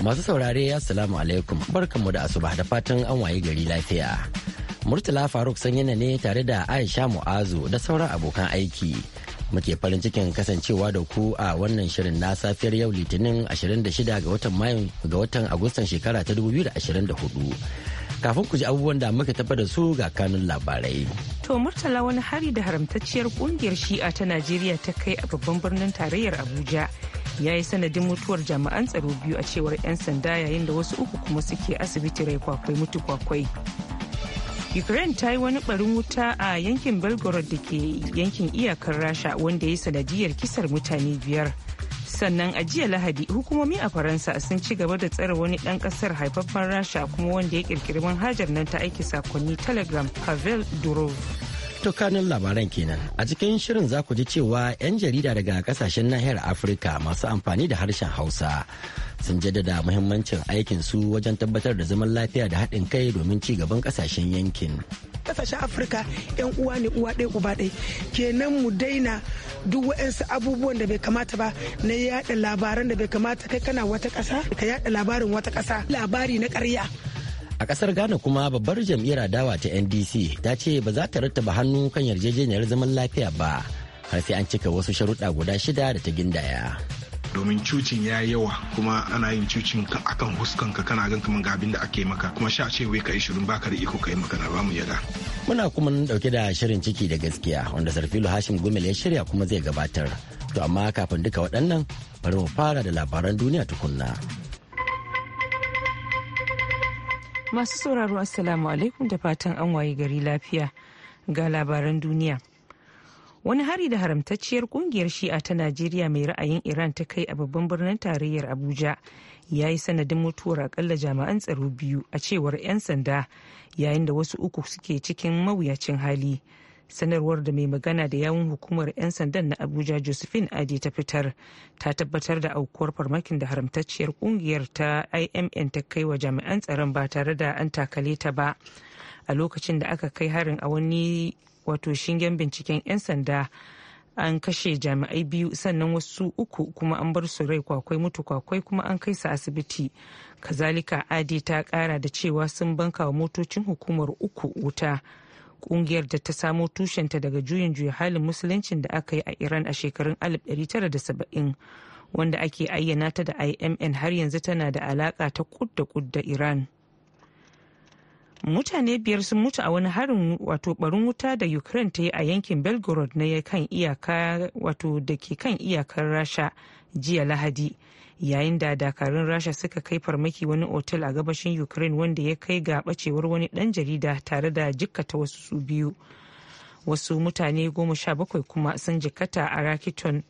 Masu saurare Assalamu alaikum barkanmu da asuba da fatan an waye gari lafiya. Murtala Faruk san yana ne tare da Aisha Mu'azu da sauran abokan aiki. Muke farin cikin kasancewa da ku a wannan shirin na safiyar yau Litinin 26 ga watan Mayu ga watan Agustan shekara ta 2024. Kafin ku ji abubuwan da muka tafa da su ga kanun labarai. To Murtala wani hari da haramtacciyar kungiyar Shi'a ta Najeriya ta kai a babban birnin tarayyar Abuja ya yi sanadin mutuwar jami'an tsaro biyu a cewar 'yan sanda yayin da wasu uku kuma suke asibiti rai kwakwai mutu kwakwai ukraine ta yi wani barin wuta a yankin belgorod da ke yankin iyakar rasha wanda ya yi sanadiyar kisar mutane biyar sannan a jiya lahadi hukumomi a faransa sun ci gaba da tsare wani dan kasar haifaffen rasha kuma wanda ya kirkiri manhajar nan ta aiki sakonni telegram pavel durov tokanin labaran kenan. A cikin shirin za ku ji cewa 'yan jarida daga kasashen nahiyar Afirka masu amfani da harshen Hausa sun jaddada muhimmancin aikin su wajen tabbatar da zaman lafiya da haɗin kai domin ci gaban kasashen yankin. Kasashen Afirka 'yan uwa ne uwa ɗaya uba ɗaya. Kenan mu daina duk wa'ansu abubuwan da bai kamata ba na yaɗa labaran da bai kamata kai kana wata ƙasa ka yaɗa labarin wata ƙasa labari na ƙarya. a kasar ghana kuma babbar jam'iyyar adawa ta ndc ta ce ba za ta rattaba hannu kan yarjejeniyar zaman lafiya ba har sai an cika wasu sharuɗa guda shida da ta gindaya domin cucin ya yi yawa kuma ana yin cucin akan ka kana gan kamar ga abin da ake maka kuma sha ce wai ka ishirin baka da iko kai magana ba mu yada. muna kuma nan dauke da shirin ciki da gaskiya wanda sarfilu hashim gumel ya shirya kuma zai gabatar to amma kafin duka waɗannan bari mu fara da labaran duniya tukunna Masu sauraro Assalamu alaikum da fatan an waye gari lafiya ga labaran duniya. Wani hari da haramtacciyar kungiyar shi'a ta Najeriya mai ra'ayin Iran ta kai a babban birnin tarayyar Abuja ya yi sanadin mutuwar akalla jami'an tsaro biyu a cewar 'yan sanda yayin da wasu uku suke cikin mawuyacin hali. sanarwar da mai magana da yawun hukumar 'yan sandan na abuja josephine adi ta fitar ta tabbatar da aukuwar farmakin da haramtacciyar kungiyar ta imn ta kai wa jami'an tsaron ba tare da an takale ta ba a lokacin da aka kai harin a wani wato shingen binciken 'yan sanda an kashe jami'ai biyu sannan wasu uku kuma an bar su rai kwakwai mutu kwakwai kuma an kai su asibiti kazalika adi ta kara da cewa sun banka wa motocin hukumar uku wuta kungiyar da ta samo tushenta daga juyin juya halin musuluncin da aka yi a iran a shekarun 1970 wanda ake ayyana ta da imn har yanzu tana da alaka ta kud da da iran mutane biyar sun mutu a wani harin wato barin wuta da ukraine ta yi a yankin belgorod na kan iyaka wato da ke kan iyakar rasha jiya lahadi yayin da dakarun rasha suka kai farmaki wani otel a gabashin ukraine wanda ya kai ga bacewar wani dan jarida tare da jikkata wasu su biyu wasu mutane goma sha bakwai kuma sun jikkata a rakiton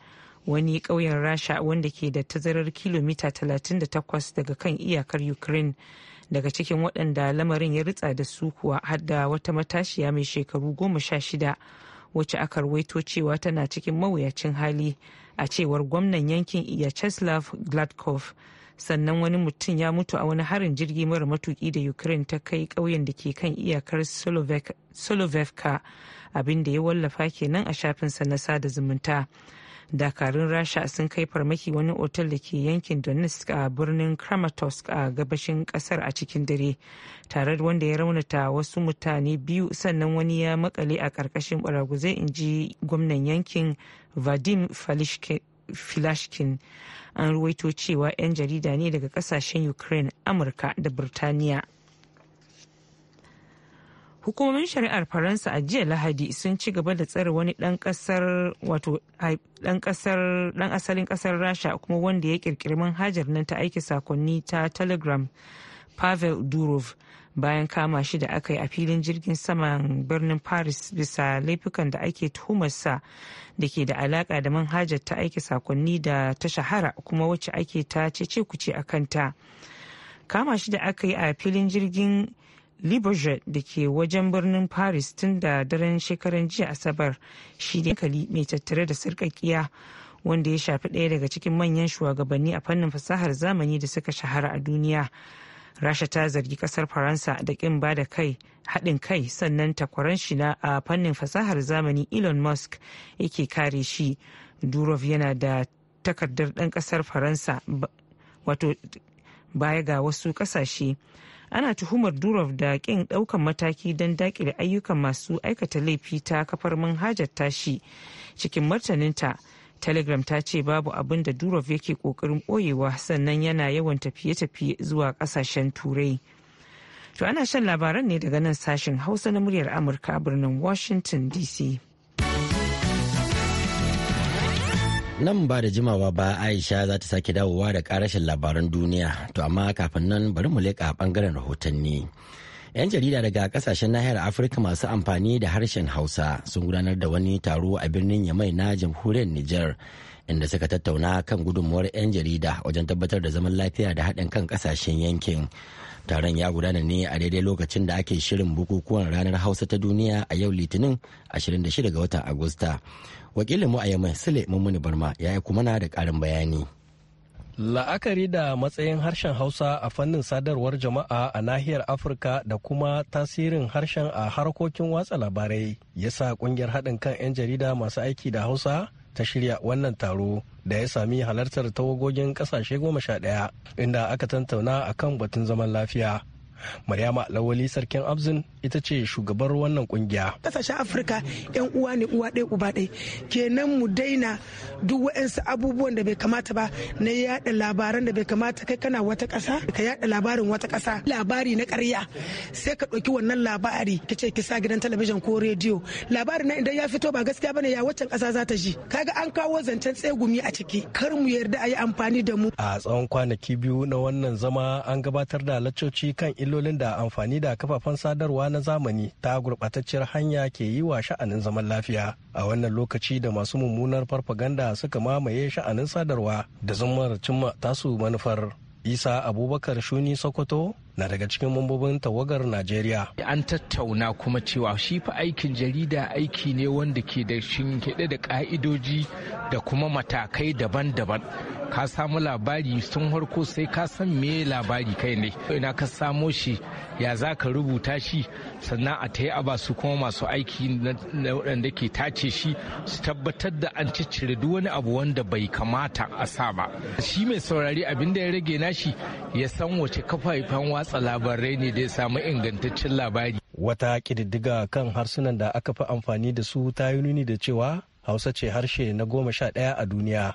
wani ƙauyen rasha wanda ke da tazarar kilomita 38 daga kan iyakar ukraine daga cikin waɗanda lamarin ya ritsa da su kuwa har da wata matashiya mai shekaru goma sha shida wacce aka ruwaito cewa tana cikin mawuyacin hali a cewar gwamnan yankin Yacheslav Gladkov. Sannan wani mutum ya mutu a wani harin jirgi mara matuki da Ukraine ta kai ƙauyen da ke kan iyakar Solovevka abinda ya wallafa kenan a shafinsa na sada zumunta. dakarun rasha sun kai farmaki wani otal da ke yankin donetsk a birnin kramatorsk a gabashin kasar a cikin dare tare da wanda ya raunata wasu mutane biyu sannan wani ya makale a karkashin baraguzai in ji gwamnan yankin vadim filashkin an ruwaito cewa 'yan jarida ne daga kasashen ukraine amurka da birtaniya. hukumomin shari'ar faransa a jiya lahadi sun ci gaba da tsare wani dan kasar wato dan kasar dan asalin kasar rasha kuma wanda ya kirkiri manhajar nan ta aiki sakonni ta telegram pavel durov bayan kama shi da aka yi a filin jirgin saman birnin paris bisa laifukan da ake tuhumarsa da ke da alaka da manhajar ta aiki sakonni da ta shahara kuma wacce ake ta ce kuce a kanta kama shi da aka yi a filin jirgin libourget da ke wajen birnin paris tun da daren shekaran jiya asabar shi da hankali mai tattare da sarkakiya wanda ya shafi ɗaya daga cikin manyan shugabanni a fannin fasahar zamani da suka shahara a duniya rasha ta zargi kasar faransa da ƙin ba da kai haɗin kai sannan takwaran shi na a fannin fasahar zamani elon musk yake kare shi durov yana da takardar ɗan ƙasar faransa wato baya ga wasu ƙasashe ana tuhumar durov da ƙin ɗaukan mataki don dakile ayyukan masu aikata laifi ta kafar manhajar tashi cikin martaninta telegram ta ce babu abin da durov yake ƙoƙarin ɓoyewa sannan yana yawan tafiye-tafiye zuwa ƙasashen turai to ana shan labaran ne daga nan sashen hausa na muryar amurka birnin washington dc Nan ba da jimawa ba Aisha za ta sake dawowa da karashin labaran duniya, to amma kafin nan bari mu leƙa bangaren rahotanni. 'Yan jarida daga kasashen nahiyar Afirka masu amfani da harshen Hausa sun gudanar da wani taro a birnin Yamai na jamhuriyar Niger, inda suka tattauna kan gudunmuwar 'yan jarida wajen tabbatar da zaman lafiya da haɗin kan kasashen yankin. Taron ya gudana ne a daidai lokacin da ake shirin bukukuwan ranar Hausa ta duniya a yau Litinin 26 ga watan Agusta. wakilin mu a yamai sule mummuni barma ya yi kuma na da karin bayani la'akari da matsayin harshen hausa a fannin sadarwar jama'a a nahiyar afirka da kuma tasirin harshen a harkokin watsa labarai ya sa kungiyar haɗin kan 'yan jarida masu aiki da hausa ta shirya wannan taro da ya sami halartar tawagogin kasashe goma sha ɗaya inda aka tantauna akan batun zaman lafiya Maryama Lawali Sarkin Abzin ita ce shugabar wannan kungiya. Kasashen Afirka yan uwa ne uwa ɗaya uba ɗaya. Kenan mu daina duk wa'ansu abubuwan da bai kamata ba na yada labaran da bai kamata kai kana wata ƙasa ka yaɗa labarin wata ƙasa labari na ƙarya sai ka ɗauki wannan labari ka ce ki sa gidan talabijin ko rediyo labarin na idan ya fito ba gaskiya bane ya waccan ƙasa za ta ji kaga an kawo zancen tsegumi a ciki kar mu yarda a yi amfani da mu. A tsawon kwanaki biyu na wannan zama an gabatar da lacoci kan ilimi illolin da amfani da kafafen sadarwa na zamani ta gurɓatacciyar hanya ke yi wa sha'anin zaman lafiya a wannan lokaci da masu mummunar farfaganda suka mamaye sha'anin sadarwa da zumar cimma tasu manufar isa abubakar shuni sokoto na daga cikin mambobin tawagar Najeriya. An tattauna kuma cewa shi fa aikin jarida aiki ne wanda ke da shinkiɗe da ƙa'idoji da kuma matakai daban-daban. Ka samu labari sun harko sai ka san me labari kai ne. Ina ka samo shi ya za ka rubuta shi sannan a ta yi aba su kuma masu aiki na waɗanda ke tace shi su tabbatar da an ciccire duk wani abu wanda bai kamata a sa ba. Shi mai saurari abin da ya rage nashi ya san wace kafa watsa labarai ne da ya samu ingantaccen labari. Wata ƙididdiga kan harsunan da aka fi amfani da su ta yi nuni da cewa Hausa ce harshe na goma sha ɗaya a duniya.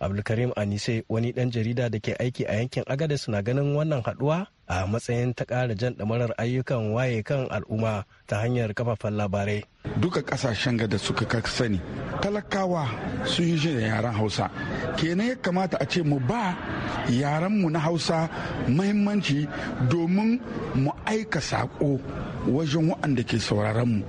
Abdulkarim Anise wani ɗan jarida da ke aiki a yankin Agadez na ganin wannan haɗuwa a matsayin ta ƙara jan ɗamarar ayyukan waye kan al'umma ta hanyar kafafen labarai. Duka ƙasashen da suka sani talakawa sun yi da yaren Hausa. Kenan ya kamata a ce mu ba yarenmu na Hausa mahimmanci domin mu aika saƙo wajen waɗanda ke sauraronmu.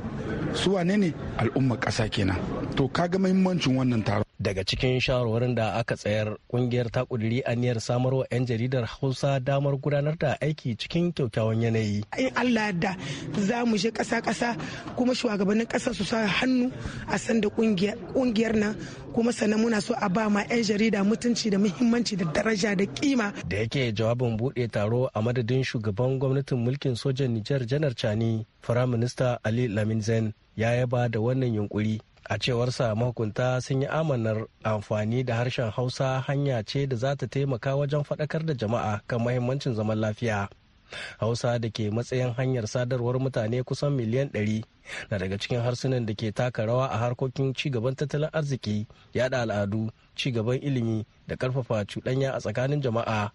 Su ne ne al'ummar ƙasa kenan. To kaga mahimmancin wannan taron. daga cikin shawarwarin da aka tsayar kungiyar ta kuduri aniyar samarwa 'yan jaridar hausa damar gudanar da aiki cikin kyaukyawan yanayi in allah da za mu je kasa kasa kuma shugabannin kasa su sa hannu a san da kungiyar nan kuma sannan muna so a ba ma 'yan jarida mutunci da muhimmanci da daraja da kima da yake jawabin bude taro a madadin shugaban gwamnatin mulkin sojan nijar janar cani firaminista ali lamin zain ya yaba da wannan yunkuri a cewarsa mahukunta sun yi amanar amfani da harshen hausa hanya ce da za ta taimaka wajen faɗakar da jama'a kan mahimmancin zaman lafiya hausa da ke matsayin hanyar sadarwar mutane kusan miliyan 100 na daga cikin harsunan da ke taka rawa a harkokin cigaban tattalin arziki yada al'adu cigaban ilimi da karfafa cuɗanya a tsakanin jama'a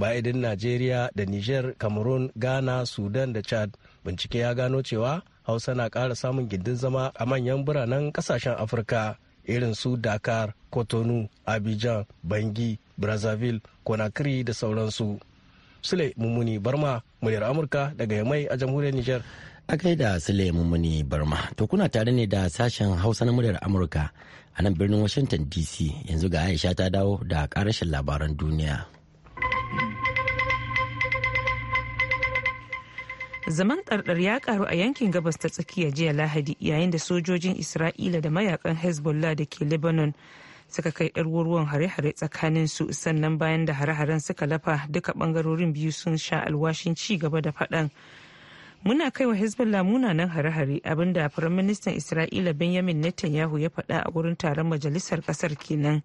ba'idin najeriya da niger cameroon ghana sudan da chad bincike ya gano cewa hausa na ƙara samun gindin zama a manyan biranen ƙasashen afirka irin su dakar kotonu abidjan bangi brazzaville conakry da sauransu sule mummuni barma muryar amurka daga yamai a jamhuriyar niger a da sule mummuni barma to kuna tare ne da sashen hausa na muryar amurka a nan birnin washington dc yanzu ga aisha ta dawo da karashin labaran duniya zaman ɗarɗar ya karu a yankin gabas ta tsakiya jiya lahadi yayin da sojojin isra'ila da mayakan hezbollah da ke lebanon suka kai ɗarwarwan hare-hare tsakanin su sannan bayan da hare-haren suka lafa duka ɓangarorin biyu sun sha alwashin ci gaba da faɗan muna kai wa hezbollah munanan hare-hare abinda firaministan isra'ila benjamin netanyahu ya faɗa a wurin taron majalisar ƙasar kenan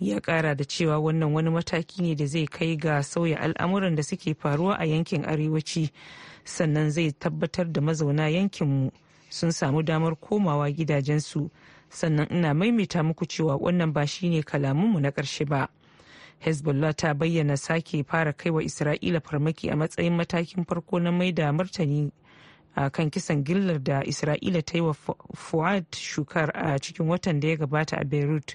ya ƙara da cewa wannan wani mataki ne da zai kai ga sauya al'amuran da suke faruwa a yankin arewaci sannan zai tabbatar da mazauna yankinmu sun samu damar komawa gidajensu sannan ina maimaita muku cewa wannan ba shine kalamunmu na ƙarshe ba. hezbollah ta bayyana sake fara kai wa isra'ila farmaki a matsayin matakin farko na maida martani a kan kisan gillar da isra'ila ta yi wa fuad shukar a cikin watan da ya gabata a beirut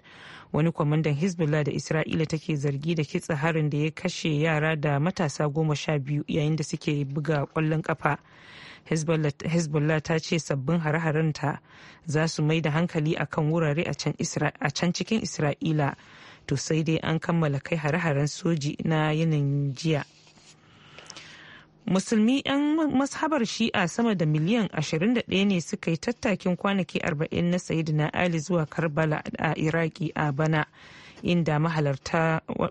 wani kwamandan hezbollah da isra'ila take zargi da kitsa harin da ya kashe yara da matasa goma sha biyu yayin da suke buga kwallon kafa hezbollah ta ce sabbin hare-harenta za su mai da hankali akan wurare a can cikin isra'ila to sai dai an kammala kai hare-haren soji na yinin jiya musulmi 'yan mashabar shi'a sama da miliyan 21 ne suka yi tattakin kwanaki 40 na sayidina ali zuwa karbala a iraki a bana inda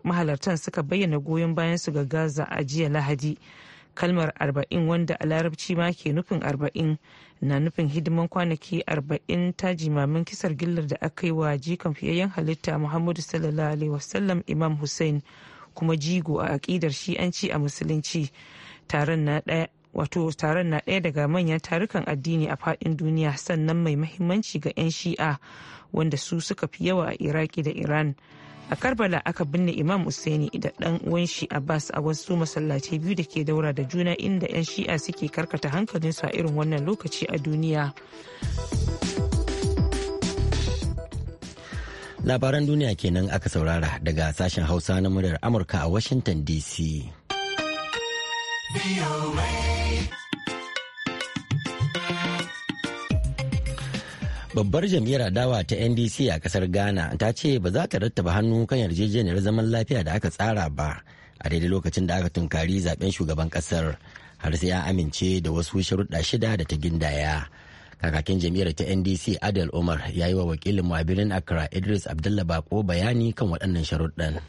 mahalartan suka bayyana goyon bayan su ga gaza a jiya lahadi kalmar arba'in wanda a larabci ma ke nufin arba'in na nufin hidiman kwanaki arba'in ta jimamin kisar gillar da aka yi wa jikan fiyayyen halitta muhammadu sallallahu alaihi wasallam imam hussein kuma jigo a aƙidar shi'anci a musulunci taron na ɗaya wato taron na ɗaya daga manyan tarukan addini a faɗin duniya sannan mai mahimmanci ga 'yan shi'a wanda su suka fi yawa a iraki da iran a karbala aka binne imam Usaini da dan uwan shi abbas a wasu masallaci biyu da ke daura da juna inda 'yan shi'a suke karkata hankalin su a irin wannan lokaci a duniya labaran duniya kenan aka saurara daga sashen hausa na muryar amurka a washington dc babbar jam'iyyar adawa ta ndc a kasar ghana ta ce ba za ta rattaba hannu kan yarjejeniyar zaman lafiya da aka tsara ba a daidai lokacin da aka tunkari zaben shugaban kasar har sai ya amince da wasu sharuɗa shida da ta gindaya kakakin jam'iyyar ta ndc adel umar ya yi wa wakilin mu a birnin accra idris abdullah bako bayani kan waɗannan sharuɗan.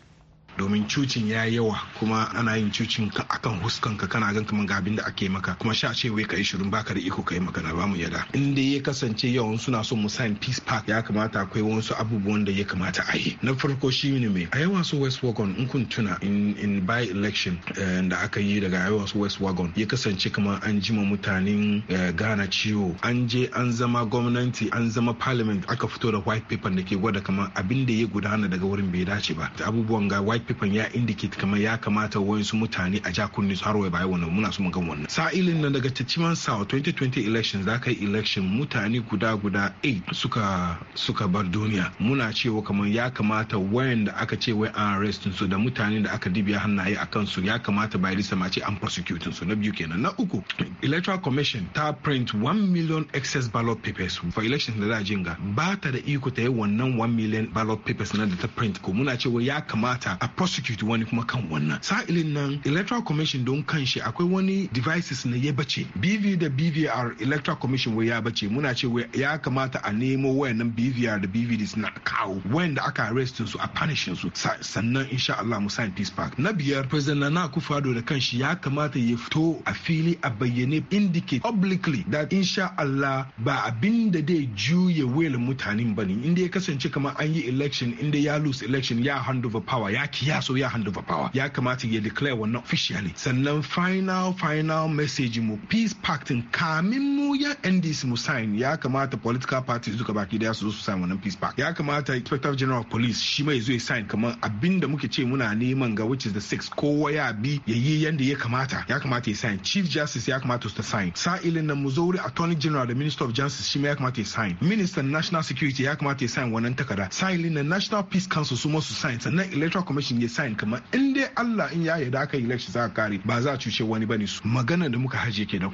domin cucin ya yi yawa kuma ana yin cucin akan ka kana gan kaman ga abin da ake maka kuma sha ce wai kai shirin baka da iko kai na ba mu yada in dai ya kasance yawan suna son mu sign peace park ya kamata akwai wasu abubuwan da ya kamata a yi na farko shi ne mai a yawan su west wagon in kun tuna in, by election eh, da aka yi daga yawan su west wagon ya kasance kamar an jima mutanen eh, ghana ciwo an je an zama gwamnati an zama parliament aka fito da white paper da ke gwada kamar abin da ya gudana daga wurin bai dace ba abubuwan ga white fifan ya indicate kamar ya kamata wayansu mutane a ja su har wa bai wannan muna so mu ga wannan sa'ilin nan daga Chichiman Sao 2020 election za ka yi election mutane guda guda 8 suka suka bar duniya muna cewa kamar ya kamata wayanda aka ce wai an arrest su da mutane da aka dibiya hannaye a kansu ya kamata bai risa ma ce an prosecute su na biyu kenan na uku electoral commission ta print 1 million excess ballot papers for election da za a jinga ba ta da iko ta yi wannan 1 million ballot papers na da ta print ko muna cewa ya kamata a prosecute wani kuma kan wannan sa'ilin nan electoral commission don kanshi akwai wani devices na ya bace bv da bvr electoral commission wai ya bace muna ce ya kamata a nemo wayannan bvr da bvd suna kawo wayanda aka arrestin su a punishin su sannan insha Allah mu sign peace park na biyar president nana akufo da kan shi ya kamata ya fito a fili a bayyane indicate publicly that insha Allah ba abin da dai juye wayar mutanen bane inda ya kasance kamar an yi election inda ya lose election ya hand over power ya ya so ya hand over power ya kamata ya declare wannan officially sannan final final message mu peace pact kamin mu ya NDC mu sign ya kamata political parties duka baki daya su zo su sign wannan peace pact ya kamata inspector general police shi mai zo sign kamar abinda muke ce muna neman ga which is the six kowa ya bi ya yi yanda ya kamata ya kamata ya sign chief justice ya kamata su sign sa'ilin nan mu attorney general da minister of justice shi ya kamata ya sign minister national security ya kamata ya sign wannan takarda sa'ilin na national peace council su ma su sign sannan electoral commission election ya sign kamar in dai Allah in ya yarda aka election za ka kare ba za a cuce wani bane su magana da muka haje kenan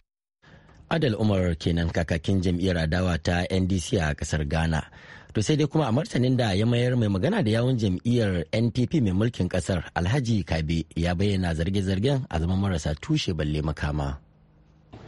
Adal Umar kenan kakakin jam'iyyar adawa ta NDC a kasar Ghana. To sai dai kuma a martanin da ya mayar mai magana da yawun jam'iyyar NPP mai mulkin kasar Alhaji Kabe ya bayyana zarge-zargen a zaman marasa tushe balle makama.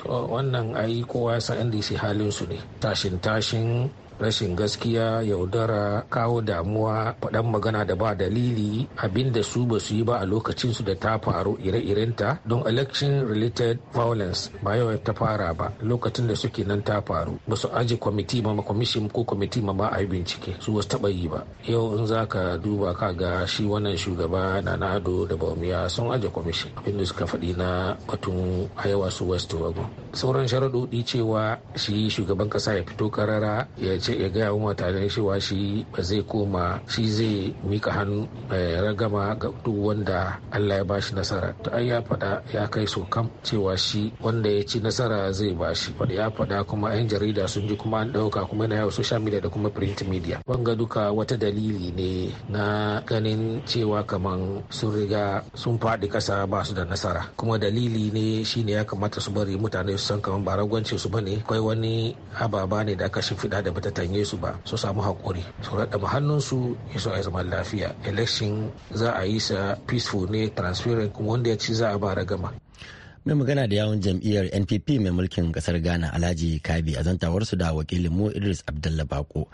wannan ai kowa ya san NDC halin su ne tashin tashin rashin gaskiya yaudara kawo damuwa faɗan magana da ba dalili abinda su ba su yi ba a lokacin su da ta faru ire-irenta don election related violence ba yau ta fara ba lokacin da suke nan ta faru ba su aji kwamiti ma kwamishin ko kwamiti ma ba a yi bincike su wasu taɓa yi ba yau in za ka duba ka ga shi wannan shugaba na nado da baumiya sun aje kwamishin abin da suka faɗi na batun hayawa su west wagon sauran sharaɗoɗi cewa shi shugaban ƙasa ya fito karara ya ce ya gaya wa mutane cewa shi ba zai koma shi zai mika hannu mai eh, ragama ga duk wanda Allah ya ba shi nasara to an ya faɗa ya kai so kam cewa shi wanda ya ci nasara zai ba shi wanda ya faɗa kuma 'yan jarida sun ji kuma an ɗauka kuma yana yau social media da kuma print media wanga duka wata dalili ne na ganin cewa kaman sun riga sun faɗi kasa ba su da nasara kuma dalili ne shine ya kamata su bari mutane su san kaman ba ragwance su ne akwai wani ababa ne da aka shimfiɗa da bata tanye su ba su samu haƙuri su raɗa hannunsu ya so a zama lafiya election za a yi sa peaceful ne transparent kuma wanda ya ci za a ba ragama mai magana da yawon jam'iyyar npp mai mulkin kasar ghana alhaji kabi a zantawarsu da wakilin mu idris abdalla bako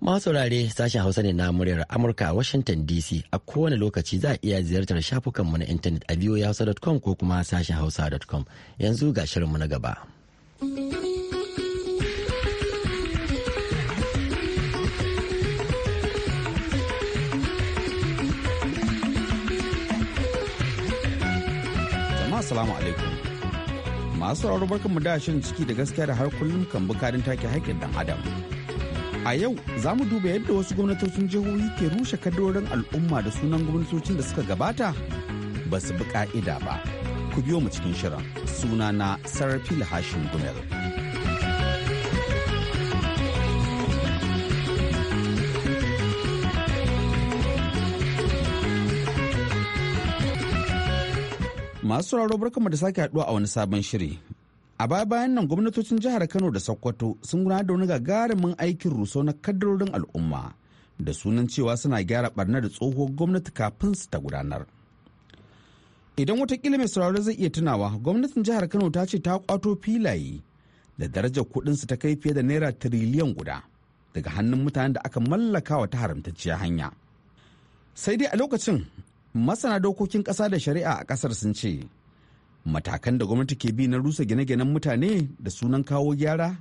masu saurare sashen hausa ne na muryar amurka a washington dc a kowane lokaci za a iya ziyartar shafukanmu na intanet a hausa.com ko kuma sashen hausa.com yanzu ga shirinmu na gaba. Assalamu alaikum. Masu sauraro barkanmu da shirin ciki da gaskiya da har kullum kan bukarin take haƙƙin dan Adam. A yau za mu duba yadda wasu gwamnatocin jihohi ke rushe kadorin al'umma da sunan gwamnatocin da suka gabata ba su bi ka'ida ba. Ku biyo mu cikin shirin sunana sarrafi hashin Gumel. Masu sauraro barkanmu da sake haduwa a wani sabon shiri. A baya bayan nan gwamnatocin jihar Kano da Sokoto sun gudanar da wani gagarumin aikin ruso na kaddarorin al'umma da sunan cewa suna gyara barna da tsohuwar gwamnati kafin su ta gudanar. Idan watakila mai sauraro zai iya tunawa gwamnatin jihar Kano ta ce ta kwato filaye da darajar su ta kai fiye da naira tiriliyan guda daga hannun mutanen da aka mallaka wa ta haramtacciya hanya. sai dai a lokacin masana dokokin ƙasa da shari'a a ƙasar sun ce matakan da gwamnati ke bi na rusa gine-ginen mutane da sunan kawo gyara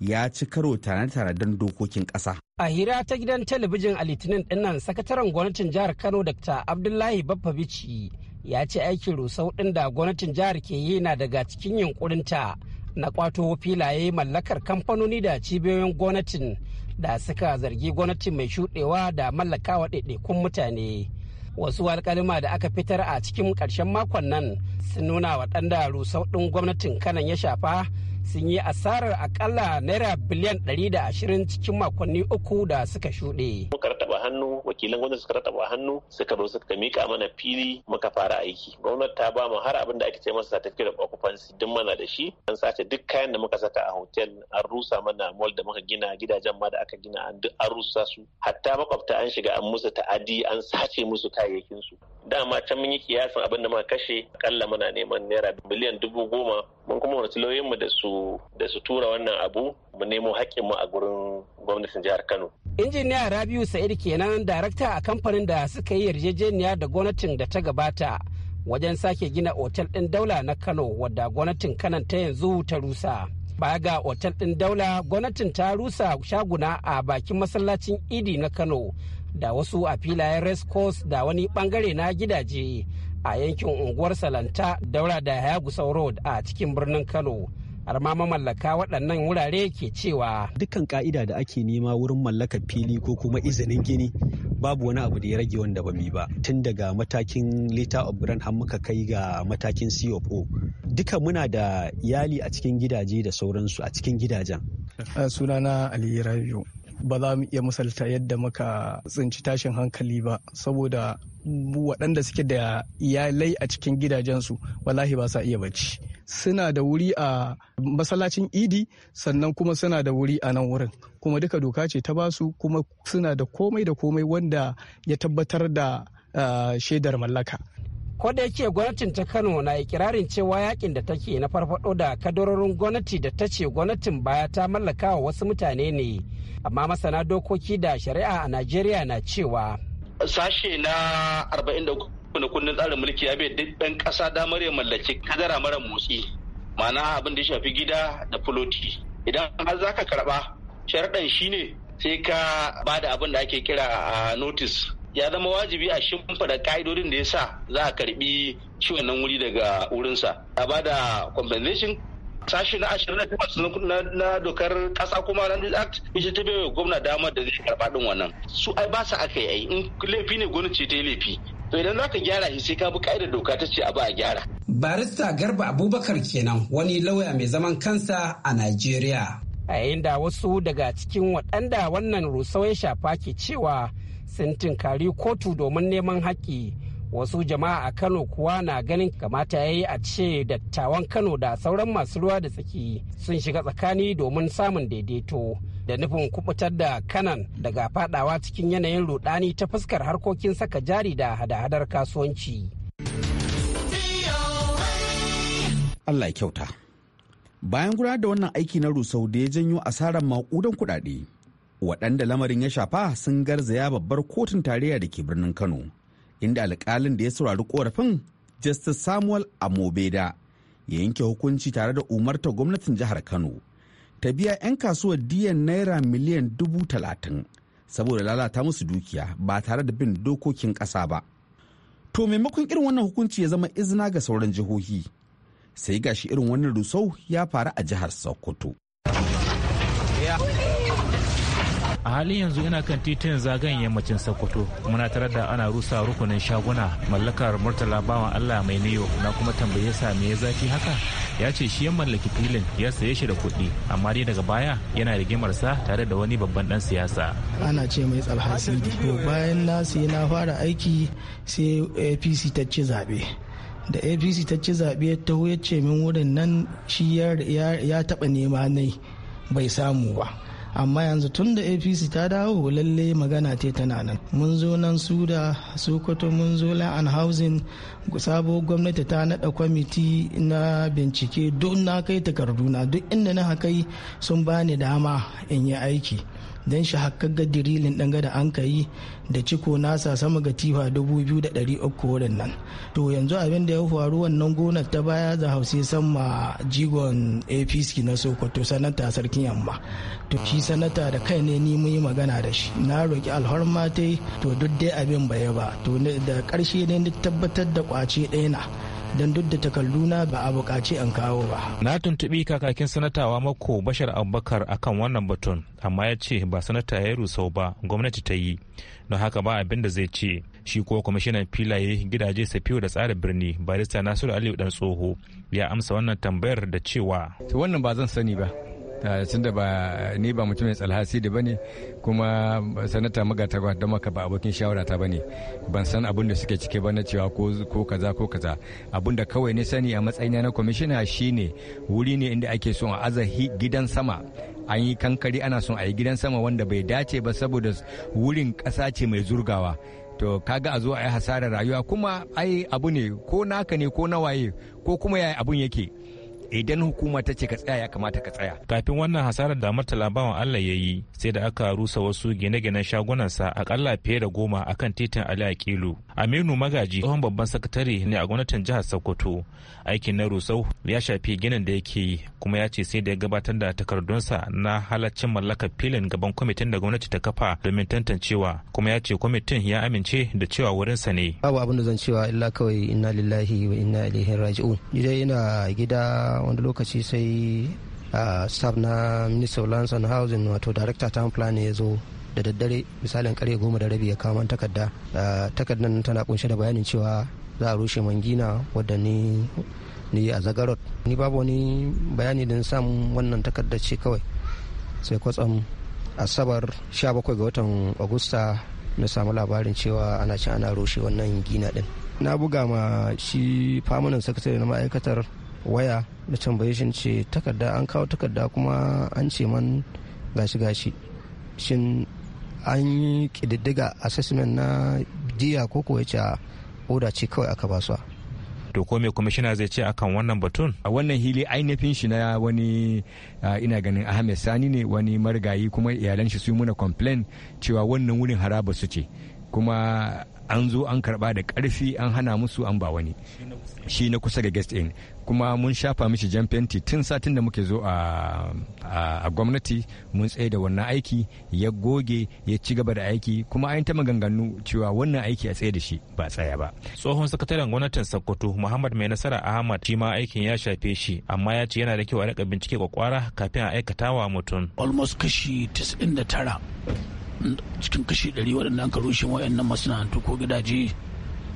ya ci karo tare-tare don dokokin ƙasa. A hira ta gidan talabijin a Litinin dinnan sakataren gwamnatin jihar Kano Dr. Abdullahi Baffabici ya ce aikin rusau ɗin da gwamnatin jihar ke yi na daga cikin yunkurinta na kwato filaye mallakar kamfanoni da cibiyoyin gwamnatin da suka zargi gwamnatin mai shuɗewa da mallakawa ɗaiɗaikun mutane. wasu alkalima da aka fitar a cikin karshen makon nan sun nuna wa ɗan rusau ɗin gwamnatin kanan ya shafa sun yi asarar akalla naira biliyan 120 cikin makonni uku da suka shuɗe. Muka rataba hannu wakilan gwamnati suka rataba hannu suka zo suka mika mana fili muka fara aiki. Gwamnati ta ba mu har abin da ake ce masa certificate of occupancy duk mana da shi. An sace duk kayan da muka saka a hotel an rusa mana mall da muka gina gidajen ma da aka gina an duk an rusa su. Hatta makwabta an shiga an musu ta'adi an sace musu kayayyakin su. Dama can mun yi kiyasin abin da muka kashe akalla muna neman naira biliyan dubu goma mun kuma wani mu da su da su tura wannan abu mu nemo mu a gurin gwamnatin jihar Kano. Injiniya Rabiu Sa'id kenan darakta a kamfanin da suka yi yarjejeniya da gwamnatin da ta gabata wajen sake gina otel ɗin daula na Kano wadda gwamnatin kanan ta yanzu ta rusa. Baya ga otel ɗin daula gwamnatin ta rusa shaguna a bakin masallacin idi na Kano da wasu a filayen race course da wani bangare na gidaje a yankin unguwar salanta daura da hayagusa road a cikin birnin kano har ma mamallaka waɗannan wurare ke cewa dukkan ka'ida da ake nema wurin mallakar fili ko kuma izinin gini babu wani abu da ya rage wanda ba mi ba tun daga matakin leta of brand har muka kai ga matakin CFO duka muna da iyali a cikin gidaje da sauransu a cikin gidajen sunana Ali Rabiu ba za mu iya misalta yadda muka tsinci tashin hankali ba saboda waɗanda suke da iyalai a cikin gidajensu wallahi ba sa iya bacci suna da wuri a masallacin idi sannan kuma suna da wuri a nan wurin kuma duka doka ce ta basu kuma suna da komai da komai wanda ya tabbatar da shaidar mallaka ko da yake gwamnatin ta kano na ikirarin cewa yakin da take na farfado da kadarorin gwamnati da ta ce gwamnatin baya ta mallaka wa wasu mutane ne amma masana dokoki da shari'a a najeriya na cewa sashe na wanda kundin tsarin mulki ya bai duk ɗan ƙasa damar ya mallaki kadara mara motsi ma'ana abin da ya shafi gida da fuloti idan har za ka karɓa sharaɗan shine sai ka ba da abin da ake kira a notice ya zama wajibi a shimfiɗa ka'idodin da ya sa za a karɓi ciwon nan wuri daga wurinsa a ba da compensation sashi na ashirin da takwas na dokar kasa kuma na act ita ta bai gwamna damar da zai karɓa ɗin wannan su ai ba su aka yi in laifi ne gwamnati ta yi laifi to idan za ka gyara shi sai ka bi ka'idar doka ta ce abu a gyara. barista garba abubakar kenan wani lauya mai zaman kansa a najeriya a yayin da wasu daga cikin waɗanda wannan rusau ya shafa ke cewa sun tinkari kotu domin neman haƙƙi wasu jama'a a kano kuwa na ganin kamata ya yi a ce dattawan kano da sauran masu ruwa da tsaki sun shiga tsakani domin samun daidaito da nufin kubutar da kanan daga fadawa cikin yanayin rudani ta fuskar harkokin saka jari da hada-hadar kasuwanci. Allah ya kyauta. Bayan gudanar da wannan aiki na rusau da ya janyo asarar maƙudan kuɗaɗe, waɗanda lamarin ya shafa sun garzaya babbar kotun tarayya da ke birnin Kano, inda alƙalin da ya saurari korafin Justice Samuel Amobeda ya yanke hukunci tare da umartar gwamnatin jihar Kano ta biya 'yan kasuwar diyan naira miliyan dubu talatin saboda lalata musu dukiya ba tare da bin dokokin ƙasa ba to maimakon irin wannan hukunci ya zama izina ga sauran jihohi sai gashi irin wannan rusau ya faru a jihar sokoto a halin yanzu ina kan titin zagayen yammacin sokoto muna tare da ana rusa rukunin shaguna mallakar murtala bawan allah mai niyo na kuma tambaye sa me ya zafi haka ya ce shi ya mallaki filin ya saye shi da kuɗi amma dai daga baya yana rigimarsa tare da wani babban dan siyasa ana ce mai tsalha sidi to bayan na sai na fara aiki sai apc ta ci zaɓe da apc ta ci zaɓe ta ce min wurin nan shi ya taɓa nema nai bai samu ba amma yanzu tun da apc ta dawo lalle magana te tana nan mun zo nan su da sokoto mun zo la'an housing sabo gwamnati ta nada kwamiti na bincike don na kai takarduna duk inda na hakai sun bani dama in yi aiki don shi hakkaga dirilin ɗan gada an ka yi da ciko nasa sama ga tifa dubu biyu da ɗari uku waɗannan to yanzu abin da ya faru wannan gona ta baya za hausa sama jigon apc na sokoto sanata sarkin yamma to shi sanata da kai ne ni mun yi magana da shi na roki alhorma to duk dai abin baya ba to da ƙarshe ne tabbatar da kwace ɗaya na don duk da na ba a buƙaci an kawo ba. Na tuntuɓi kakakin sanatawa mako Bashar Abubakar akan wannan batun amma ya ce ba sanata ya rusau ba gwamnati ta yi don haka ba abin da zai ce shi ko kwamishinan filaye gidaje safiyo da tsara birni barista Nasiru Aliyu dan tsoho ya amsa wannan tambayar da cewa. Wannan ba zan sani ba tun da ba ni ba mutum tsalhasi da bane kuma sanata magata ba don maka ba abokin shawara ta bane ban san abin da suke cike ba na cewa ko kaza ko kaza abin da kawai ne sani a matsayin na kwamishina shine wuri ne inda ake so a aza gidan sama an yi kankari ana son a yi gidan sama wanda bai dace ba saboda wurin kasa ce mai zurgawa to kaga a zo a yi hasarar rayuwa kuma ai abu ne ko naka ne ko nawaye ko kuma yaya abun yake idan hukuma ta ce ka tsaya ya kamata ka tsaya kafin wannan hasarar da murtala bawan Allah ya yi sai da aka rusa wasu gine-ginen shagunansa akalla fiye da goma akan titin Ali Akilu Aminu Magaji tsohon babban sakatare ne a gwamnatin jihar Sokoto aikin na rusau ya shafi ginin da yake yi kuma ya ce sai da ya gabatar da takardunsa na halaccin mallakar filin gaban kwamitin da gwamnati ta kafa domin tantancewa kuma ya ce kwamitin ya amince da cewa wurinsa ne babu abin da zan cewa illa kawai inna lillahi wa inna ilaihi raji'un ni dai gida wani lokaci sai staff na minister of lands and housing wato director town plan ya zo da daddare misalin kare goma da rabi ya kawo takarda takardar tana kunshe da bayanin cewa za a rushe mangina wadda ni ni a zagarot ni babu wani bayani da samun wannan takardar ce kawai sai kwatsam asabar 17 ga watan agusta na samu labarin cewa ana ci ana rushe wannan gina din na buga ma shi famunan sakatare na ma'aikatar waya na tambaye shi ce takarda an kawo takarda kuma an ce man gashi gashi shin an yi kididdiga assessment na jiya ko kuwa ce oda ce kawai aka basuwa to ko me kwamishina zai ce akan wannan batun a wannan hili ainihin shi na wani ina ganin ahmed sani ne wani marigayi kuma iyalan shi su muna complain cewa wannan wurin haraba su ce kuma an zo an karba da karfi an hana musu an ba wani shi na kusa ga guest in kuma mun shafa mishi jan fenti tun satin da muke zo a gwamnati mun tsaye da wannan aiki ya goge ya ci gaba da aiki kuma an ta maganganu cewa wannan aiki a tsaye da shi ba tsaya ba tsohon sakataren gwamnatin sokoto muhammad mai nasara ahmad shi ma aikin ya shafe shi amma ya ce yana da kyau a rika bincike kwakwara kafin a aikata wa mutum almost kashi 99 cikin kashi 100 waɗanda an karo wayannan masana'antu ko gidaje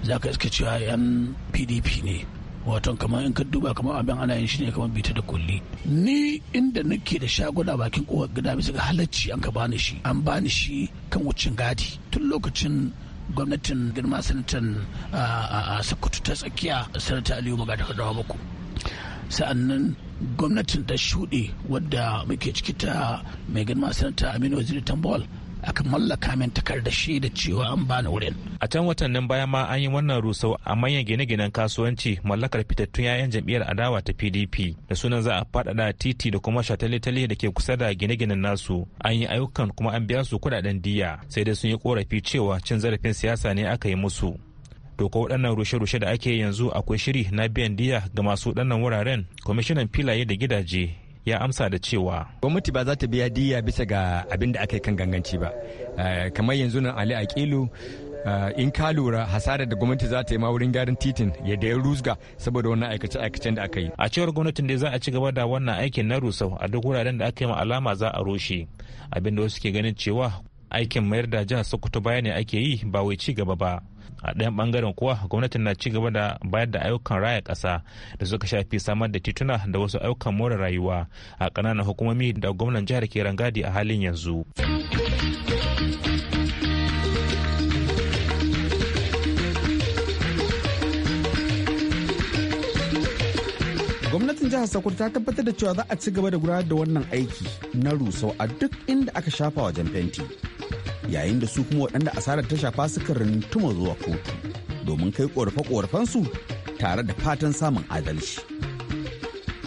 za ka iska cewa yan pdp ne waton kamar in ka duba kamar abin ana yin shi ne kamar bita da kulli ni inda nake da shaguna bakin kowar gida bisa ga halacci an ka bani shi an bani shi kan wucin gadi tun lokacin gwamnatin girma sanatan a sakutu ta tsakiya sanata aliyu magana ka dawa muku nan gwamnatin ta shuɗe wadda muke ciki ta mai girma sanata aminu waziri tambol aka mallaka min takardar shaida cewa an bani wurin a can watannin baya ma an yi wannan rusau a manyan gine-ginen kasuwanci mallakar fitattun 'ya'yan jam'iyyar adawa ta pdp da sunan za a faɗaɗa titi da kuma shataletale da ke kusa da gine-ginen nasu an yi ayyukan kuma an biya su kuɗaɗen diya sai dai sun yi korafi cewa cin zarafin siyasa ne aka yi musu to waɗannan rushe-rushe da ake yanzu akwai shiri na biyan diya ga masu waɗannan wuraren kwamishinan filaye da gidaje ya amsa da cewa gwamnati ba za ta biya diya bisa ga abin da aka yi kan ganganci ba eh, kamar yanzu nan ali aƙilu eh, in ka lura hasarar da gwamnati za ta yi ma wurin gyaran titin ya da ya rusga saboda wannan aikace aikacen da aka yi a cewar gwamnatin da za a ci gaba da wannan aikin na rusau a duk wuraren da aka yi ma alama za a rushe abin wasu ke ganin cewa aikin mayar da jihar sokoto baya ne ake yi ba wai ci gaba ba a ɗayan ɓangaren kuwa gwamnatin na ci gaba da bayar da ayyukan raya ƙasa da suka shafi samar da tituna da wasu ayyukan more rayuwa a ƙananan hukumomi da gwamnan jihar ke rangadi a halin yanzu. gwamnatin jihar sokoto ta tabbatar da cewa za a ci gaba da gudanar da wannan aiki na rusau a duk inda aka shafa wajen fenti yayin da su kuma waɗanda asarar ta shafa suka rintuma zuwa kotu domin kai korafe-korafensu tare da fatan samun adalci.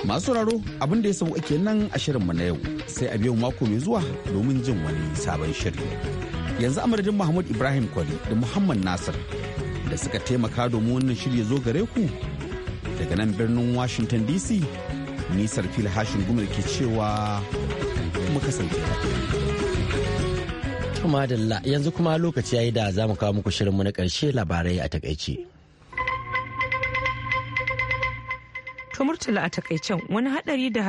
Masu raro abin da ya sabu ake nan a shirin mu na yau sai a biyan mako mai zuwa domin jin wani sabon shiri. Yanzu amadadin Muhammad Ibrahim Kwari da Muhammad Nasir da suka taimaka domin wannan shirya zo gare ku daga nan birnin Washington DC nisar fil hashin gumar ke cewa muka kasance madalla yanzu kuma lokaci ya yi da za mu kawo muku shirinmu na ƙarshe labarai a takaice. To murtala a takaicen wani hadari da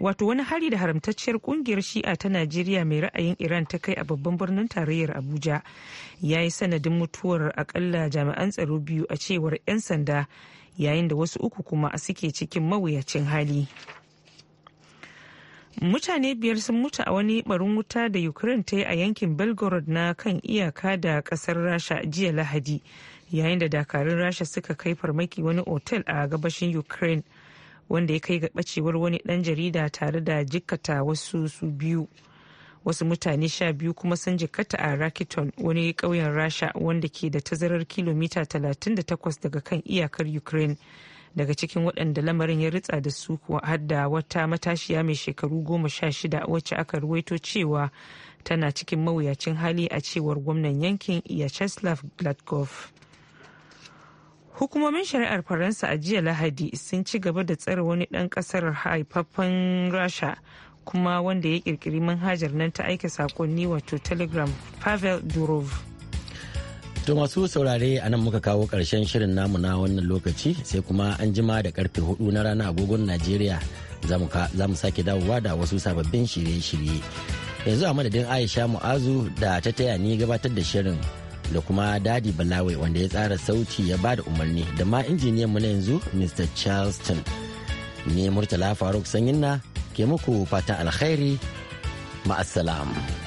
wato wani hari da haramtacciyar kungiyar shi'a ta Najeriya mai ra'ayin Iran ta kai a babban birnin tarayyar Abuja ya yi sanadin mutuwar akalla jami'an tsaro biyu a cewar 'yan sanda yayin da wasu uku kuma suke cikin mawuyacin hali. mutane biyar sun mutu a wani barin wuta da ukraine ta yi a yankin belgorod na kan iyaka da kasar rasha jiya lahadi yayin da dakarun rasha suka kai farmaki wani otel a gabashin ukraine wanda ya kai ga bacewar wani dan jarida tare da jikkata wasu su biyu wasu mutane sha biyu kuma sun jikkata a rakiton wani ƙauyen rasha wanda ke da tazarar kilomita 38 daga kan iyakar ukraine daga cikin waɗanda lamarin ya ritsa da su kuwa hadda wata matashiya mai shekaru goma sha shida wacce aka ruwaito cewa tana cikin mawuyacin hali a cewar gwamnan yankin Yacheslav Gladkov. Hukumomin shari'ar Faransa a jiya Lahadi sun ci gaba da tsare wani ɗan ƙasar haifafen Rasha kuma wanda ya ƙirƙiri manhajar nan ta aika saƙonni wato Telegram Pavel Durov. To masu saurare a nan muka kawo ƙarshen shirin namu na wannan lokaci sai kuma an jima da karfe hudu na ranar agogon Najeriya za mu sake dawowa da wasu sababbin shirye-shirye. Yanzu a madadin Aisha Mu'azu da ta taya ni gabatar da shirin da kuma Dadi Balawai wanda ya tsara sauti ya ba da umarni da ma injiniyan mu na yanzu Mr. Charleston. Ne Murtala Faruk Sanyinna ke muku fatan alkhairi ma'asalam.